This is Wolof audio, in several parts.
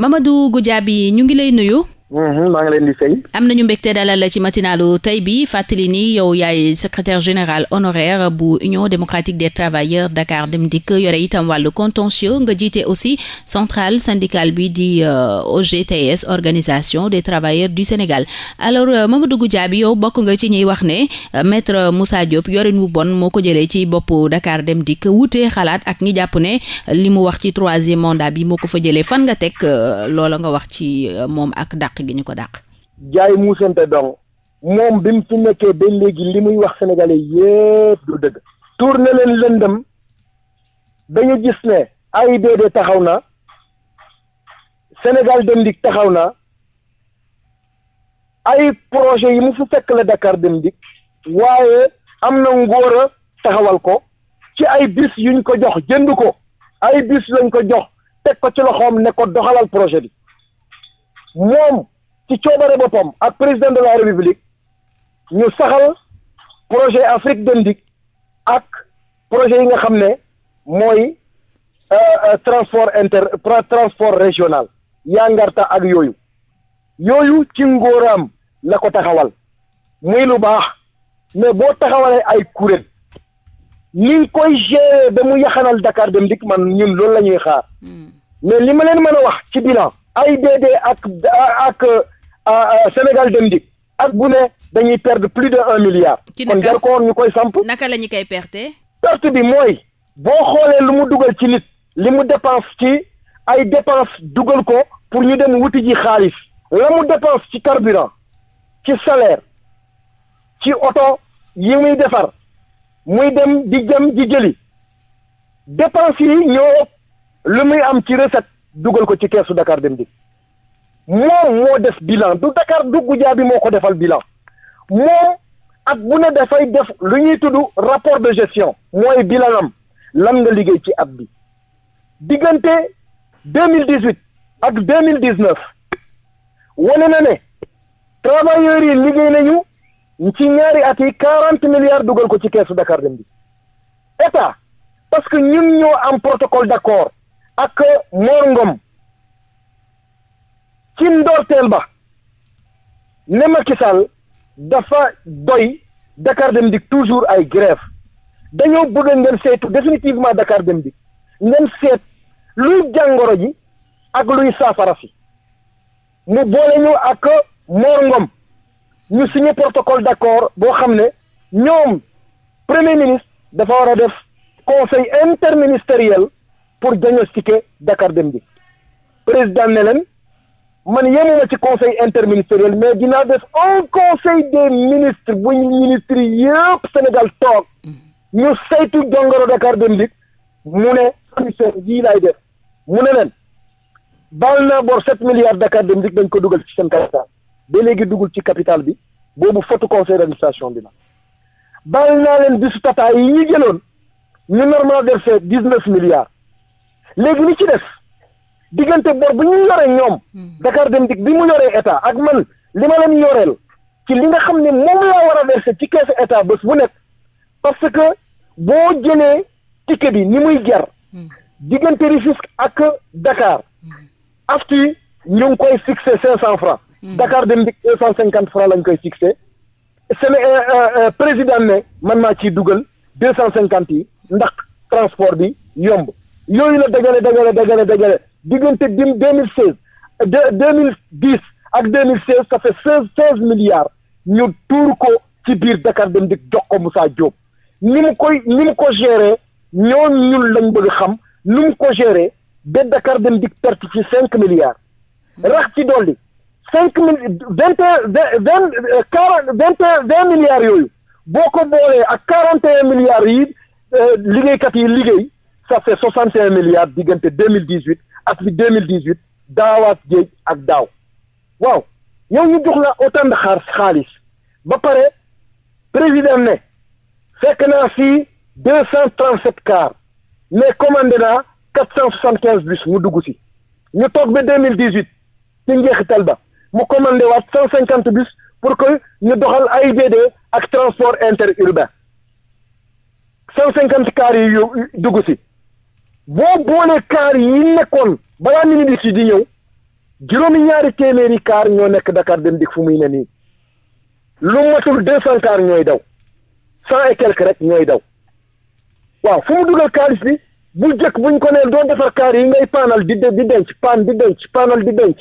Mamadou yi ñu ngi lay nuyu Mhm, maa ngi leen di fay. am nañu mbégte dalal ci matinalu tey bi fàttali ni yow yaay secretaire général honoraire bu Union démocratique des travailleurs Dakar Dem Dikk yore itam wàllu contentieux nga jiite aussi centrale syndicale bi di euh, OGTS organisation des travailleurs du Sénégal alors euh, Mamadou Goudiaby yow bokk nga ci ñuy wax ne euh, maître Moussa Diop yorin wu bon moo ko jëlee ci bopp Dakar Dem Dikk wute xalaat ak ñi jàpp ne li mu wax ci troisième mandat bi moo ko fa jëlee fan nga teg loola nga wax ci moom ak dàq dàq gi ñu ko dàq. jaay muusante dong moom bi mu fi nekkee ba léegi li muy wax sénégalais yépp du dëgg. tuur na leen lëndëm dañu gis ne AIBD taxaw na Sénégal Dem Dikk taxaw na ay projet yi mu fi fekk la Dakar Dem waaye am na ngóor taxawal ko ci ay bis yuñ ko jox jënd ko ay bis lañ ko jox teg ko ci loxoom ne ko doxalal projet bi moom ci coobare boppam ak président de la république ñu saxal projet Afrique de Ndig ak projet yi nga xam ne mooy euh, euh, transport inter transport régional yangarta ak yooyu yooyu ci am la ko taxawal muy lu baax mais boo taxawalee ay kuréel ni nga koy gérer ba mu yaxanal Dakar dem dik man ñun loolu la ñuy xaar hmm. mais li ma leen mën a wax ci bilan ay AIBD ak ak Sénégal dem dikk ak gune dañuy perdre plus de un milliard. kon jar ñu koy samp. naka lañu ñu koy perte. perte bi mooy boo xoolee lu mu dugal ci nit li mu dépense ci ay dépense dugal ko pour ñu dem wuti ji xaalis la mu dépense ci carburant ci salaire ci oto yi muy defar muy dem di jëm di jëli dépense yi ñoo lu muy am ci recette dugal ko ci keesu Dakar dem di moom moo def bilan du Dakar dugg jaabi moo ko defal bilan moom at bu ne dafay def lu ñuy tudd rapport de gestion mooy bilanam lan nga liggéey ci at bi diggante deux mille dix huit ak deux mille dix neuf wane na ne travailleurs yi liggéey nañu ci ñaari at yi quarante milliards dugal ko ci keesu Dakar dem bi état parce que ñun ñoo am protocole d'accord ak Mor Ngom ci ndorteel ba ne Macky dafa doy Dakar Dem Dikk toujours ay grève dañoo bëgg ngeen seetu définitivement Dakar Dem Dikk ngeen seet luy jàngoro ji ak luy saafara si mu boole ñu ak Mor ñu signé protocole d'accord boo xam ne ñoom premier ministre dafa war a def conseil interministériel pour diagnostiquer Dakar Dem Dikk président ne leen man yemuma ci conseil interministériel mais dina def un conseil des ministres bu ñu ministres Sénégal toog mm-hmm. ñu saytu jàngoro Dakar Dem mu ne solution yii laay def mu ne leen baal naa bor set milliards Dakar Dem dañ ko dugal ci seen capital ba léegi dugul ci capital bi boobu fotu conseil d'administration bi la baal na leen bisu tata yi ñu jëloon ñu normal versé dix neuf milliards léegi ni ci def diggante bor bu ñu yore ñoom. Hmm. Dakar Dem Dikk bi mu yoree état ak man li ma leen yoreel ci li nga xam ni moom laa war a verser ci keesu état bés bu nekk parce que boo jëlee ticket yi ni muy jar. Hmm. diggante Rufisque ak Dakar. Hmm. aftu ñu ngi koy fixé cinq cent francs. Dakar Dem Dikk deux cent cinquante francs lañ koy fixé. sene euh, euh, euh, président ne man maa ciy dugal deux cent cinquante yi ndax transport bi yomb yooyu la dajale dajale dajale dajale. diggante dim deux mille seize deux mille dix ak deux mille seize ça fait seize seize milliards ñu tuur ko ci biir Dakar Dem Dikk jox ko Moussa Diop ni mu koy ni mu ko gérer ñoom ñun lañ bëgg xam ni mu ko gérer ba Dakar Dem Dikk perte ci cinq milliards rax ci dolli cinq mille vingt et vingt quarante vingt et vingt yooyu boo ko boolee ak quarante et un milliards yi euh, liggéeykat yi liggéey ça fait soixante et un milliards diggante deux mille dix huit Afrique deux mille dix huit daawaat géej ak daaw waaw yow ñu jox la autant de xaar xaalis ba pare président ne fekk naa fii deux cent trente sept cars mais commandé naa quatre cent soixante quinze bus mu dugg si ñu toog ba deux mille dix huit ci njeexital ba mu commandé waat cent cinquante bus pour que ñu doxal AIBD ak transport interurbain cent cinquante cars yi yu dugg si boo boolee kaar yi nekkoon balaa ministre yi di ñëw juróomi ñaari téeméeri kaar ñoo nekk Dakar dem dikk fu muy ne nii lu matul deux cent kaar ñooy daw cent et quelque rek ñooy daw waaw fu mu dugal kaalis bi bu jëkk buñ ko nee doo defar kaar yi ngay paanal di di denc paan di denc paanal di denc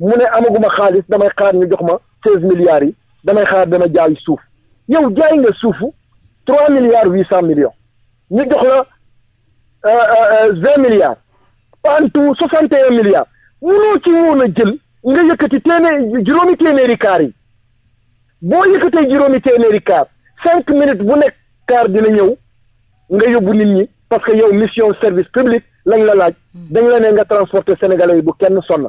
mu ne amaguma xaalis damay xaar ñu jox ma seize milliards yi damay xaar dama jaay suuf yow jaay nga suufu trois milliards huit cent millions ñu jox Euh, euh, euh, vingt milliards en tout soixante et un milliards munoo ci woon a jël nga yëkkati téeméer juróomi téeméeri kaar yi boo yëkkatee juróomi téeméeri kaar cinq minutes bu nekk kaar dina ñëw nga yóbbu nit ñi parce que yow mission service public lañ la laaj hmm. dañ la ne nga transporter sénégalais yi bu kenn sonn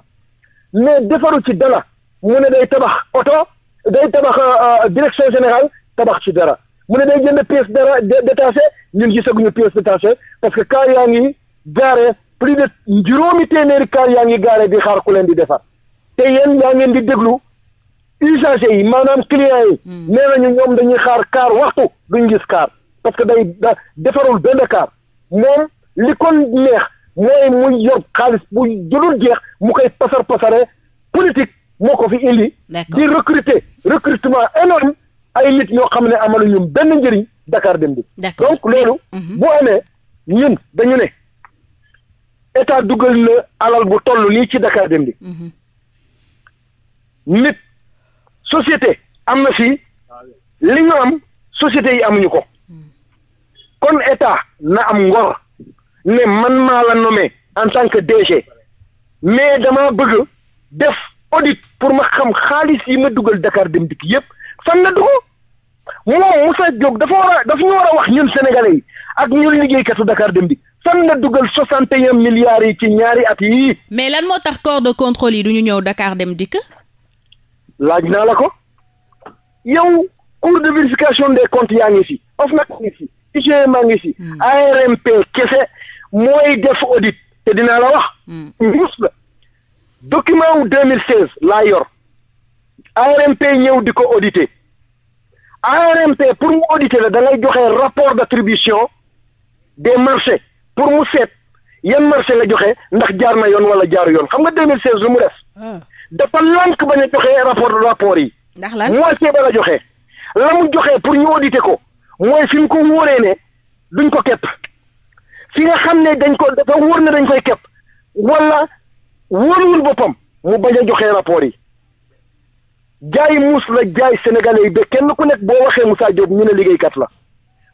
mais defaru ci dara mu ne day tabax oto day tabax direction générale tabax ci dara mu ne day jënd pièce dara détaché ñun gisaguñu pièce détaché parce que kaar yaa ngi gaare plus de juróomi téeméeri kaar yaa ngi gaare di xaar ku leen di defar te yéen yaa ngeen di déglu usagers yi maanaam clients yi. Hmm. nee ñu ñoom dañuy xaar kaar waxtu duñ gis kaar parce que day da defarul benn kaar moom li kon neex mooy mu yor xaalis bu jëlul jeex mu koy pasar pasare politique moo ko fi indi. di recruter recrutement énorme ay nit ñoo xam ne amalu ñun benn njëriñ Dakar dem di donc loolu mhm. bu amee ñun dañu ne état dugal na alal bu toll nii ci Dakar dem di mhm. nit société am na fii li ñu am société yi amuñu ko kon état na am ngor ne man maa la nommé en tant que DG mais dama bëgg def audit pour ma xam xaalis yi ma dugal Dakar dem dikk yépp fan la dugg moom Moussa Diop dafa war a dafa ñu war a wax ñun sénégalais yi ak ñun liggéeykatu Dakar dem bi fan la dugal soixante et un yi ci ñaari at yii. mais lan moo tax corps de contrôle yi du ñu ñëw Dakar dem dikk. laaj naa la ko yow cour de vérification des comptes yaa ngi fi OFNAC ngi maa ngi fi. Hmm. ARMP kese mooy def audit te dinaa la wax. Hmm. document wu document wu 2016 laa yor ARMP ñëw di ko audité. ARMP pour mu auditer la da ngay joxe rapport d' attribution des marchés pour mu seet yan marché la joxe ndax jaar na yoon wala jaar yoon xam nga 2016 lu mu def. Ah. dafa lànk bañ a joxe rapport rapport yi. ndax lan moitié ba la joxe. la mu joxe pour ñu auditer ko mooy fi mu ko wóoree ne duñ ko képp fi nga xam ne dañ ko dafa wóor ne dañ koy képp wala wóorul boppam mu bañ a joxe rapport yi. jaay muus la jaay sénégalais yi ba kenn ku nekk boo waxee Moussa Diop ñu ne liggéeykat la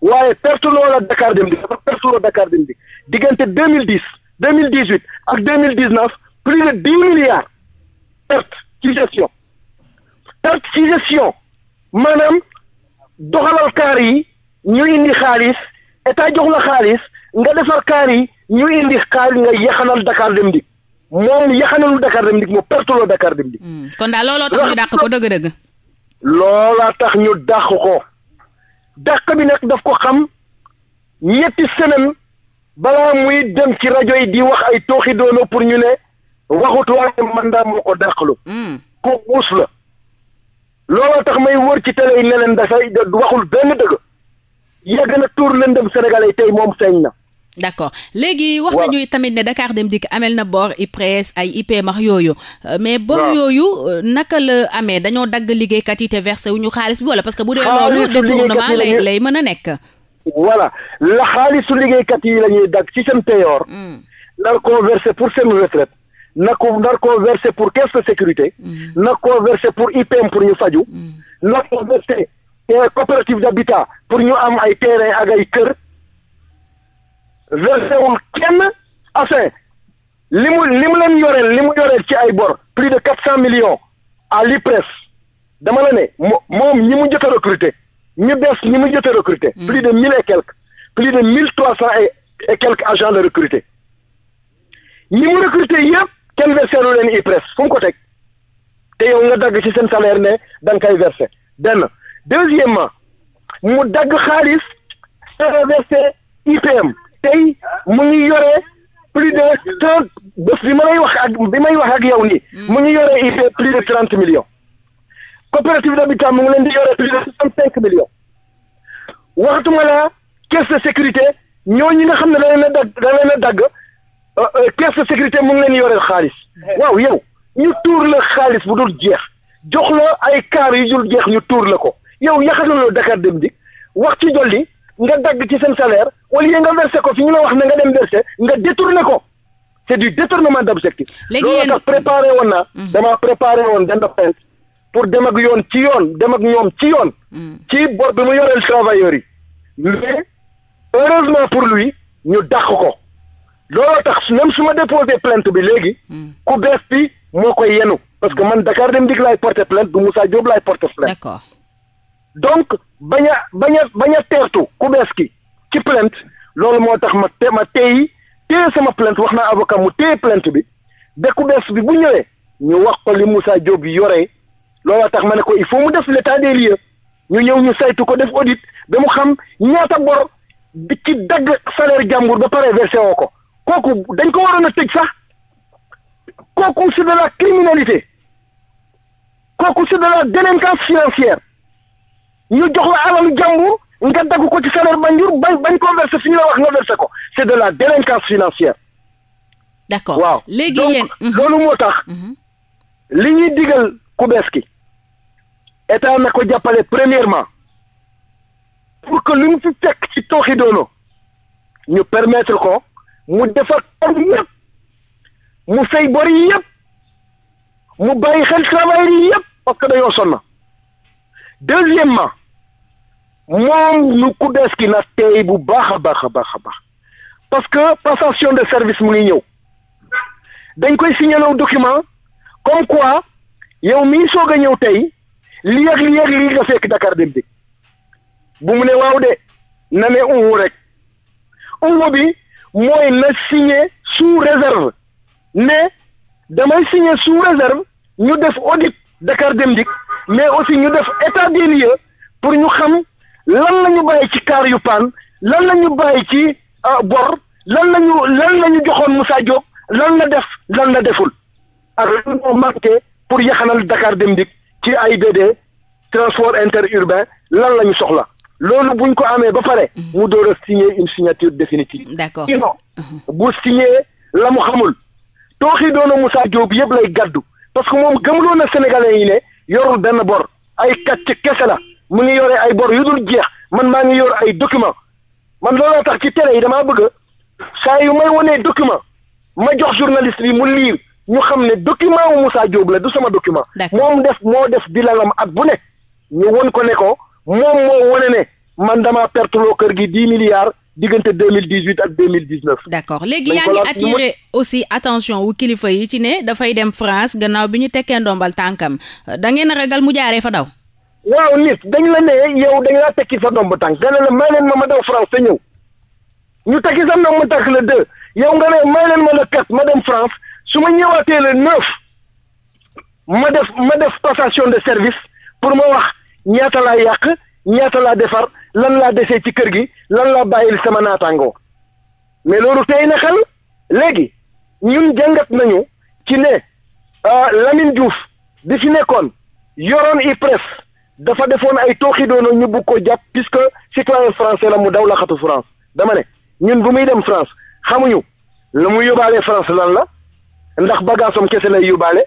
waaye perte loo la Dakar dem di dafa perte loo Dakar dem di diggante deux mille dix deux mille dix huit ak deux mille dix neuf plus de dix milliards perte ci gestion perte ci gestion maanaam doxalal kaar yi ñu indi xaalis état jox la xaalis nga defar kaar yi ñu indi xaalis nga yaxanal Dakar dem di moom yaxanalul Dakar dem dik moo perteloo Dakar dem dik hmm. kon daal looloo tax ñu dàq ko dëgg-dëgg. loolaa tax ñu dàq ko dàq bi nag daf ko xam ñetti semaine balaa muy dem ci rajo yi di wax ay tooxi doona pour ñu ne waxut waaye mandat moo ko dàqlu. Hmm. ko muus la. looloo tax may wër ci télé yi ne leen dafay waxul benn dëgg yàgg na tuur lëndëm Sénégalais tey moom feeñ na. d'accord léegi wax nañuy tamit ne Dakar Dem Dikk amel na bor IPRES ay IPM yooyu euh, mais bor yooyu euh, naka la amee dañoo dagg liggéeykat yi te versé wu ñu xaalis bi wala parce que bu dee loolu la lay lay mën a nekk voilà la xaalisu liggéeykat yi la ñuy dagg ci seen payoor hmm. nar koo versé pour seen retraite na ko nar koo versé pour caisse de sécurité hmm. na ko versé pour IPM pour ñu faju hmm. na koo versé euh, coopérative d'habitat pour ñu am ay terrain ak kër versé wul kenn enfin li mu li mu leen yoreel li mu yoreel ci ay bor plus de quatre cent millions à l'IPRES dama la ne moom ñi mu jot a recruter ñu bees ñi mu jot a recruter. Hmm. plus de mille et quelques plus de mille trois cent et quelques agents de recruter ñi mu recruter yëpp kenn versé lu leen IPRES fu mu ko teg te yow nga dagg ci seen salaire ne da nga koy versé benn deuxièmement mu dagg xaalis versé IPM. tey mu ngi yore plus de trente bés bi ma lay wax ak bi may wax ak yow nii hmm. mu ngi yore il fait plus de trente millions coopérative mu ngi leen di yore plus de soixante cinq millions waxatuma la caisse de sécurité ñi nga xam ne da leen a dagg da dagg euh, euh, caisse de sécurité mu ngi leen yore xaalis waaw yow ñu tuur la xaalis bu dul jeex jox la ay kaar yu dul jeex ñu tuur la ko yow yaxataloo Dakar dem di wax ci jolli nga dagg ci seen salaire au lieu nga versé ko fi ñu la wax na nga dem versé nga détourné ko c' est du détournement d' objectif. léegi yéen loolu préparé woon naa. Mm. damaa préparé woon dend plainte pour dem ak yoon ci yoon dem ak ñoom ci yoon. Mm. ci bor bi mu yoreel travailleurs yi. mais heureusement pour lui ñu dàq ko looloo tax même su ma déposé plainte bi léegi. Mm. ku bees bi moo koy yenu parce que man Dakar dem dik laay porté plainte du Moussa Diop laay porté plainte. d' accord donc bañ a bañ a teertu ku bees ci plainte loolu moo tax ma te ma tey téye sama plainte wax naa avocat mu téye plainte bi dëkku bees bi bu ñëwee ñu wax ko li Moussa Diop yore looloo tax ma ne ko il faut mu def l'état des lieux ñu ñëw ñu saytu ko def audit ba xam ñaata bor di ci dagg salaire jàmbur ba pare versé woo ko kooku dañ ko waroon a tëj sax kooku c'est de la criminalité kooku ci de la délinquance financière ñu jox la alalu jàmbur nga dagg ko ci salaire Mandiur bañ bañ ko versé fi ñu la wax nga versé ko c'est de la délinquance financière. d'accord waaw léegi yéen donc mhm. loolu moo tax. Mhm. li ñuy digal ku bees ki état na ko jàppale premièrement pour que lu mu fi fekk ci tooxi doono ñu permettre ko mu defar kër yëpp mu fay bor yi yëpp mu bàyyi xel travail yi yëpp parce que dañoo sonn deuxièmement moom lu Kudelski na tey bu baax a baax a baax a baax parce que passation de service mu ngi ñëw dañ koy signaler document comme quoi yow mii soog a ñëw tey li ak lii ak lii nga fekk Dakar dem dikk bu mu ne waaw de na ne unwu rek unwu bi mooy na signer sous réserve ne damay signer sous réserve ñu def audit Dakar dem dikk mais aussi ñu def état des lieux pour ñu xam lan la ñu bàyyi ci kaar yu paan lan la ñu bàyyi ci ah, bor lan la ñu lan la ñu joxoon Moussa Diop lan la def lan la deful ak lan moo manqué pour yaxanal Dakar Dem Dikk ci AIBD transport interurbain lan la ñu soxla loolu buñ ko amee ba pare mu door a signer une signature définitive d'accord sinon bu signer la mu xamul tooxi doona Moussa Diop yëpp lay gàddu parce que moom gëmloo na sénégalais yi ne yorul benn bor ay kàcc kese la mu ngi yore ay bor yu dul jeex man maa ngi yor ay document man looloo tax ci télé yi damaa bëgg saa yu may wonee document ma jox journaliste bi mu liir ñu xam ne document wu Moussa Diop la du sama document. moom def moo def di lalam at bu ne ñu won ko ne ko moom moo wane ne man dama perte loo kër gi dix milliards. diggante deux mille dix huit ak deux mille dix neuf. d' accord léegi yaa ngi attiré aussi attention wu kilifa yi ci ne dafay dem France gannaaw bi ñu tekkee ndombal tànkam da ngeen ragal mu jaaree fa daw. waaw nit dañ la ne yow dañ laa tekki sa ndomb tànk nga ne la may ma ma daw France te ñëw ñu tekki sa ndomb tànk la deux yow nga ne may ma la quatre ma dem France su ma ñëwaatee le neuf ma def ma def passation de service pour ma wax ñaata laa yàq ñaata laa defar lan laa desee ci kër gi lan laa bàyyil sama naataangoo mais loolu tey na xel léegi ñun jàngat nañu ci ne euh, Lamine juuf di fi nekkoon yoroon IPRES dafa defoon ay tooxidoono ñu bugg ko jàpp puisque citoyen français la mu daw la xatu France dama ne ñun bu muy dem France xamuñu la muy yóbbaale France lan la ndax bagaasam kese lay yóbbaale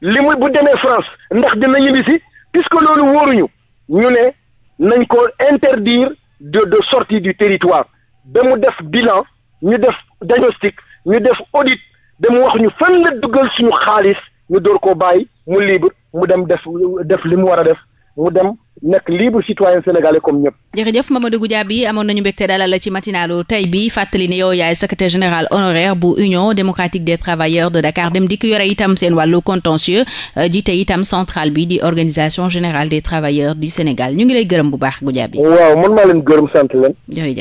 li muy bu demee France ndax dina ñibbisi puisque loolu wóoruñu ñu ne nañ ko interdire de de sortie du territoire ba def bilan ñu def diagnostic ñu def audit ba mu wax ñu fan la duggal suñu xaalis ñu door koo bàyyi mu libre mu dem def def li mu war a def mu dem nekk libre citoyen sénégalais comme ñëpp. jërëjëf Mamadou Goudiaby amoon nañu mbégte dalal la ci matinalu tey bi fàttali ni yow yaay secrétaire général honoraire bu union démocratique des travailleurs de Dakar dem dikk yore itam seen wàllu contentieux euh, jiite itam centrale bi di organisation générale des travailleurs du Sénégal ñu ngi lay gërëm bu baax Goudiaby. waaw man maa leen gërëm sant leen.